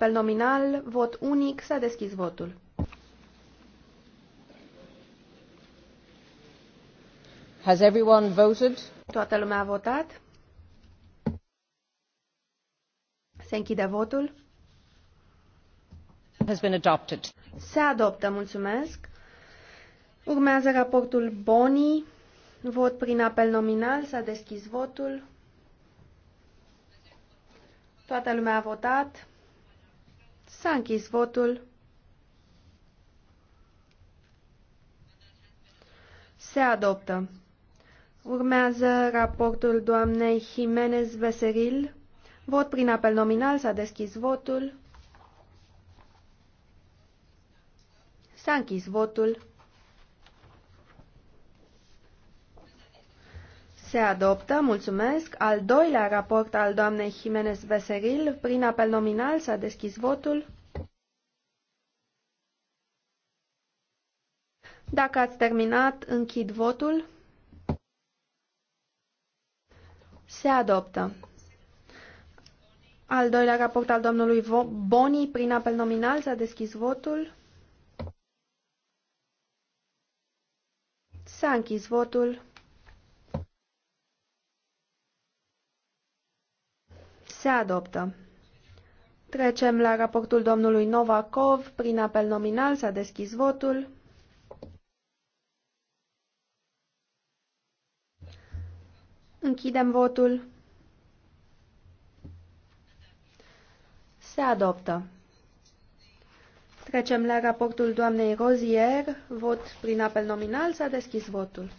Apel nominal, vot unic, s-a deschis votul. Has everyone voted? Toată lumea a votat. Se închide votul. Has been adopted. Se adoptă, mulțumesc. Urmează raportul Boni. Vot prin apel nominal. S-a deschis votul. Toată lumea a votat. S-a închis votul. Se adoptă. Urmează raportul doamnei Jimenez Veseril. Vot prin apel nominal. S-a deschis votul. S-a închis votul. Se adoptă, mulțumesc, al doilea raport al doamnei Jimenez Veseril. Prin apel nominal s-a deschis votul. Dacă ați terminat, închid votul. Se adoptă. Al doilea raport al domnului Boni, prin apel nominal, s-a deschis votul. S-a închis votul. Se adoptă. Trecem la raportul domnului Novakov. Prin apel nominal s-a deschis votul. Închidem votul. Se adoptă. Trecem la raportul doamnei Rozier. Vot prin apel nominal. S-a deschis votul.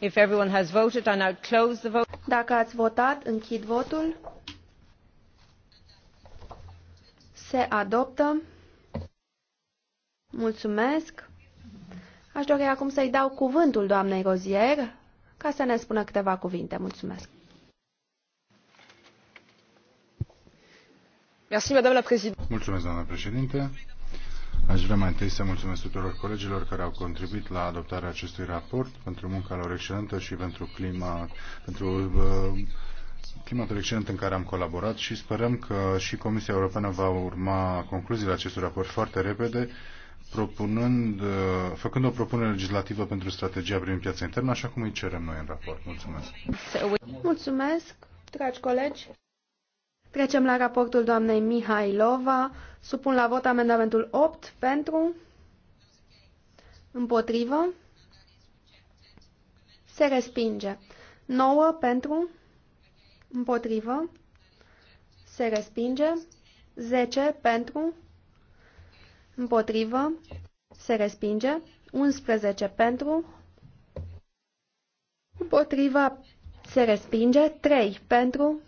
If everyone has voted, I now close the vote. Dacă ați votat, închid votul. Se adoptă. Mulțumesc. Aș dori acum să-i dau cuvântul doamnei Rozier ca să ne spună câteva cuvinte. Mulțumesc. Mulțumesc, doamnă președinte. Aș vrea mai întâi să mulțumesc tuturor colegilor care au contribuit la adoptarea acestui raport pentru munca lor excelentă și pentru clima, pentru uh, climatul excelent în care am colaborat și sperăm că și Comisia Europeană va urma concluziile acestui raport foarte repede, propunând, uh, făcând o propunere legislativă pentru strategia privind piața internă, așa cum îi cerem noi în raport. Mulțumesc! Mulțumesc, dragi colegi! Trecem la raportul doamnei Mihailova. Supun la vot amendamentul 8 pentru, împotrivă, se respinge. 9 pentru, împotrivă, se respinge. 10 pentru, împotrivă, se respinge. 11 pentru, Împotriva. se respinge. 3 pentru,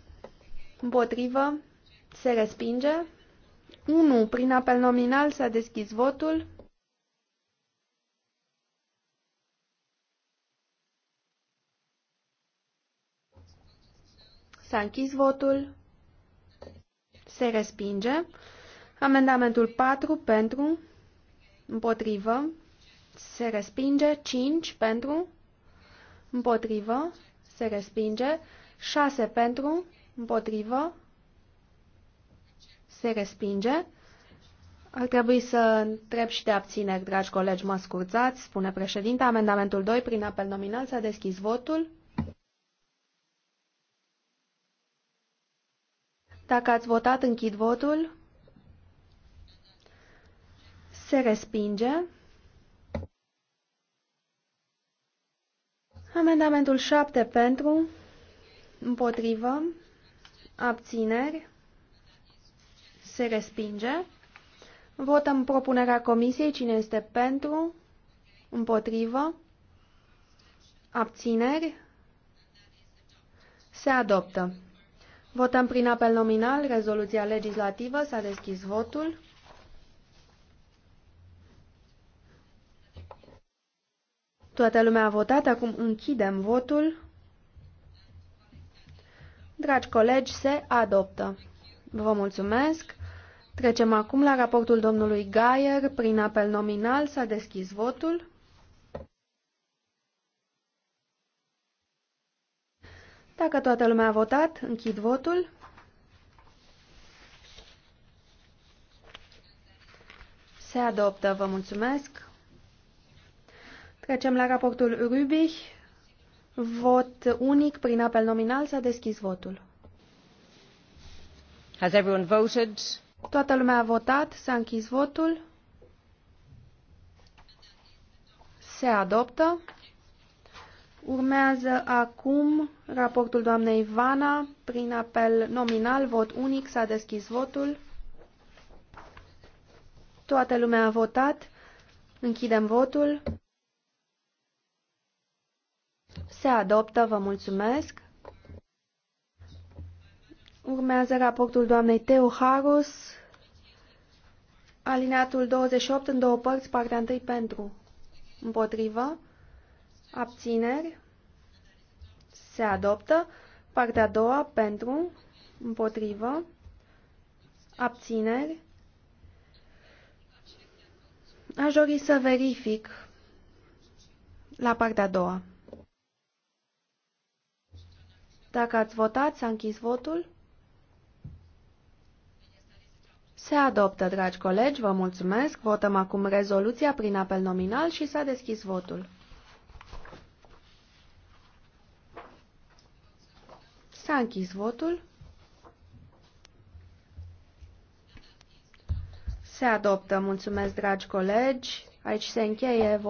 Împotrivă. Se respinge. 1. Prin apel nominal s-a deschis votul. S-a închis votul. Se respinge. Amendamentul 4 pentru. Împotrivă. Se respinge. 5 pentru. Împotrivă. Se respinge. 6 pentru împotrivă, se respinge. Ar trebui să întreb și de abțineri, dragi colegi, mă scurzați, spune președinte. Amendamentul 2, prin apel nominal, s-a deschis votul. Dacă ați votat, închid votul. Se respinge. Amendamentul 7 pentru, împotrivă, abțineri, se respinge. Votăm propunerea comisiei, cine este pentru, împotrivă, abțineri, se adoptă. Votăm prin apel nominal rezoluția legislativă, s-a deschis votul. Toată lumea a votat, acum închidem votul. Dragi colegi, se adoptă. Vă mulțumesc. Trecem acum la raportul domnului Gaier. Prin apel nominal s-a deschis votul. Dacă toată lumea a votat, închid votul. Se adoptă, vă mulțumesc. Trecem la raportul Rubich. Vot unic prin apel nominal s-a deschis votul. Has everyone voted? Toată lumea a votat, s-a închis votul. Se adoptă. Urmează acum raportul doamnei Ivana. Prin apel nominal, vot unic, s-a deschis votul. Toată lumea a votat. Închidem votul. Se adoptă, vă mulțumesc. Urmează raportul doamnei Harus, alineatul 28 în două părți, partea 1 pentru, împotrivă, abțineri, se adoptă, partea a doua pentru, împotrivă, abțineri. Aș dori să verific la partea a doua. Dacă ați votat, s-a închis votul. Se adoptă, dragi colegi, vă mulțumesc. Votăm acum rezoluția prin apel nominal și s-a deschis votul. S-a închis votul. Se adoptă. Mulțumesc, dragi colegi. Aici se încheie votul.